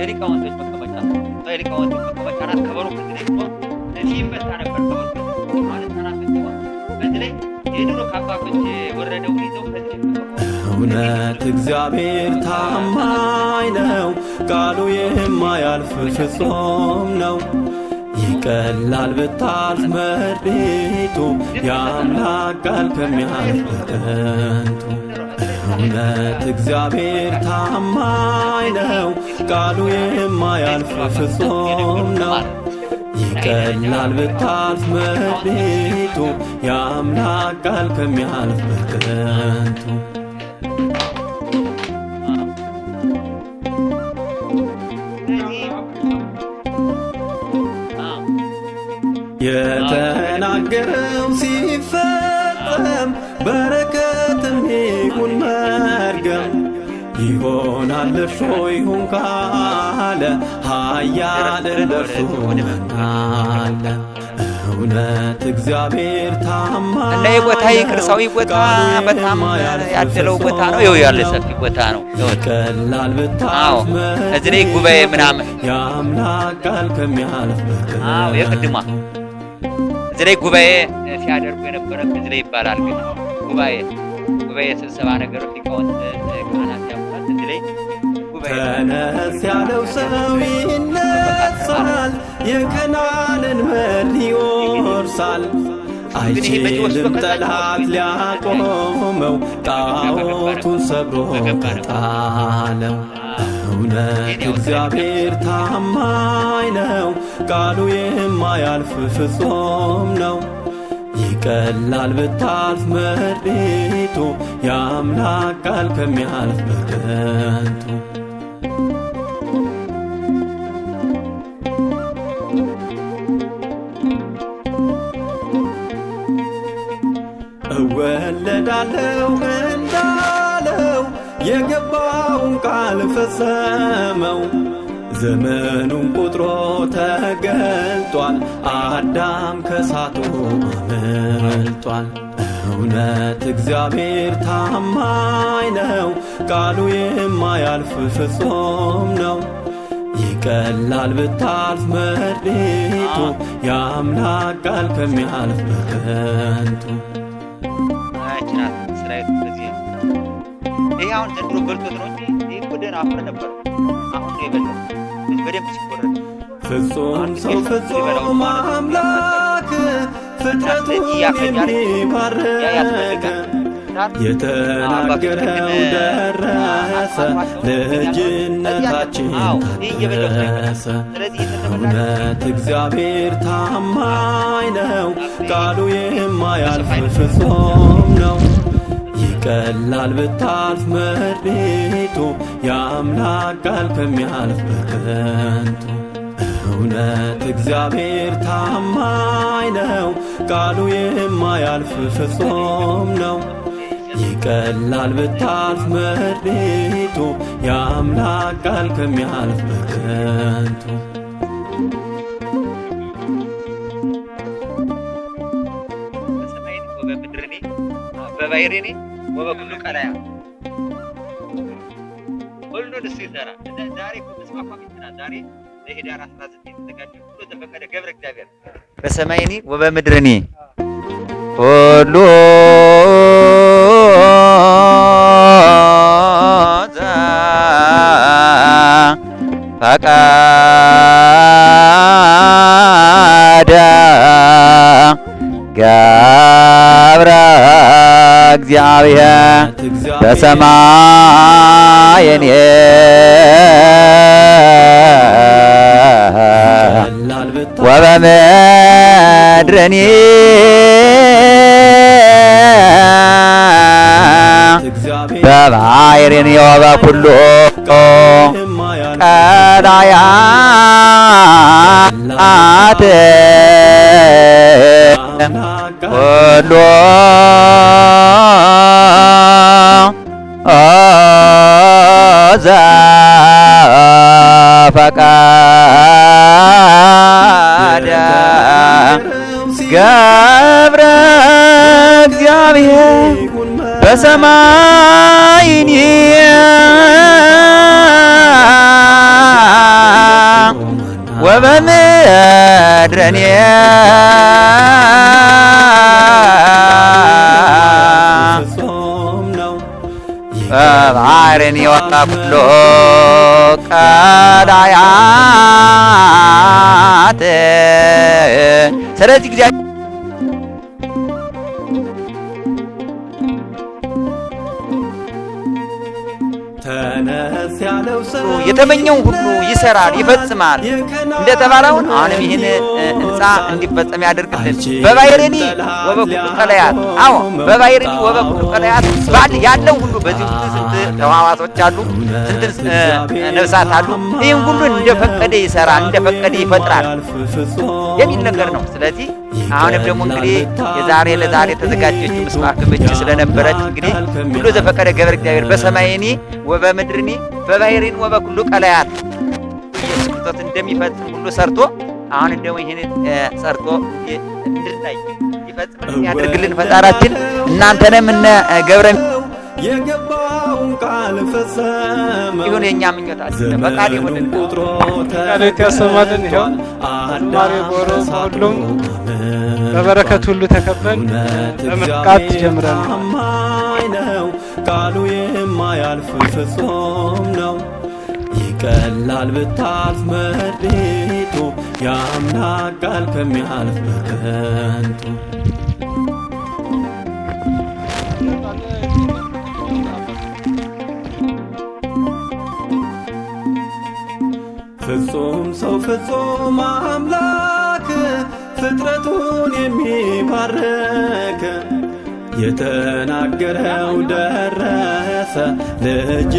የሊቃውንቶች መቀመጫ የሊቃውንቶች መቀመጫ አራት ከበሮ በዚህ ላይ እዚህ ይመታ ነበር። ማለት አራት በዚህ ላይ የድሮ ከአባቶች የወረደው ይዘው ከዚህ እውነት እግዚአብሔር ታማኝ ነው፣ ቃሉ የማያልፍ ፍጹም ነው። ቀላል ብታልፍ መርቤቱ የአምላክ ቃል ከሚያልፍ በከንቱ እውነት እግዚአብሔር ታማኝ ነው፣ ቃሉ የማያልፍ ፍጹም ነው። ይቀላል ብታልፍ መርቤቱ የአምላክ ቃል ከሚያልፍ በከንቱ የተናገረው ሲፈጸም በረከትም ይሁን መርገም ይሆናል እርሾ ይሁን ካለ ኃያል ለርሱ ናለ እውነት እግዚአብሔር ታማ እና ቦታ የክርሳዊ ቦታ በጣም ያደለው ቦታ ነው። ይኸው ያለ ሰፊ ቦታ ነው። ቀላል ብታው እዚህ ላይ ጉባኤ ምናምን የአምላክ ቃል ከሚያልፍ የቅድማ እዚህ ላይ ጉባኤ ሲያደርጉ የነበረ እዚህ ላይ ይባላል። ግን ጉባኤ ጉባኤ ስብሰባ ነገር ሊቃውንት ካህናት ያሙናት እዚህ ላይ ተነስ ያለው ሰው ይነሳል፣ የከናንን መል ይወርሳል አይችልም ጠላት ሊያቆመው ጣዖቱን ሰብሮ ከጣለው። እውነት እግዚአብሔር ታማኝ ነው፣ ቃሉ የማያልፍ ፍጹም ነው። ይቀላል ብታልፍ መሬቱ የአምላክ ቃል ከሚያልፍ በከንቱ እወለዳለው እንዳለው የገባውን ቃል ፈጸመው። ዘመኑን ቁጥሮ ተገልጧል። አዳም ከሳቶ አመልጧል። እውነት እግዚአብሔር ታማኝ ነው፣ ቃሉ የማያልፍ ፍጹም ነው። ይቀላል ብታልፍ መርዲቱ የአምላክ ቃል ከሚያልፍ በከንቱ ይህ አሁን ዘንድሮ በልቶት ነው እንጂ ይህ እኮ ደህና አፈር ነበር። አሁን ነው የበለው በደንብ ሲቆረ ፍጹም ሰው ፍጹም አምላክ ፍጥረቱን የሚባርክ የተናገረው ደረሰ፣ ልጅነታችን ታደሰ። እውነት እግዚአብሔር ታማኝ ነው፣ ቃሉ የማያልፍ ፍጹም ነው። ቀላል ብታልፍ ምድሪቱ የአምላክ ቃል ከሚያልፍ በከንቱ እውነት እግዚአብሔር ታማኝ ነው፣ ቃሉ የማያልፍ ፍጹም ነው። ይቀላል ብታልፍ ምድሪቱ የአምላክ ቃል ከሚያልፍ በከንቱ በባይሬኔ ወበኩሉ ቀላያ ሁሉን እሱ ይሰራ። ዛሬ በመስማማ ሚትና ዛሬ ለሄዳር አስራ የተዘጋጀ ሁሉ ተፈቀደ ገብረ እግዚአብሔር በሰማይኒ ወበምድርኒ ሁሉ ፈቃደ ጋ እግዚአብሔር በሰማይ እኔ ወበምድር እኔ በባሕር እኔ ወበኩሉ ቀላያት ሁሉ ፈቃደ ገብረ እግዚአብሔር በሰማይኒ ወበምድረኔ ባህርን የወጣ ኩሎ ቀዳያት ስለዚህ ጊዜ የተመኘው ሁሉ ይሰራል፣ ይፈጽማል እንደተባለውን አሁንም ይህን ህንፃ እንዲፈጸም ያደርግልን። በባይረኒ ወበኩሉ ቀለያት አዎ፣ በባይረኒ ወበኩሉ ቀለያት ባል ያለው ሁሉ በዚህ ሁሉ ተዋዋሶች አሉ፣ ስንት ነፍሳት አሉ። ይህም ሁሉ እንደፈቀደ ይሰራል፣ እንደፈቀደ ይፈጥራል የሚል ነገር ነው። ስለዚህ አሁንም ደግሞ እንግዲህ የዛሬ ለዛሬ ተዘጋጀችው ምስማር ክምች ስለነበረች እንግዲህ ሁሉ ዘፈቀደ ገብረ እግዚአብሔር በሰማይኒ ወበምድርኒ በባህሪን ወበኩሉ ቀላያት ኢየሱስ ክርስቶስ እንደሚፈጽም ሁሉ ሰርቶ አሁን ደግሞ ይህን ሰርቶ እንድናይ ይፈጽም ያደርግልን ፈጣራችን እናንተንም እነ ገብረ የገባ የገባውን ቃል ፈጸመ። ይሁን የእኛ ምኞት አይደለም፣ ፈቃድ ይሁን ቁጥሮ ያሰማልን ይሁን ማሪ ቦሮ ሁሉም በበረከት ሁሉ ተከበል በመቃት ጀምረን ነው ቃሉ የማያልፍ ፍጹም ነው። ይቀላል ብታልፍ መርዲቱ የአምላክ ቃል ከሚያልፍ በከንቱ ፍጹም ሰው ፍጹም አምላክ ፍጥረቱን የሚባርክ የተናገረው ደረሰ ልጅ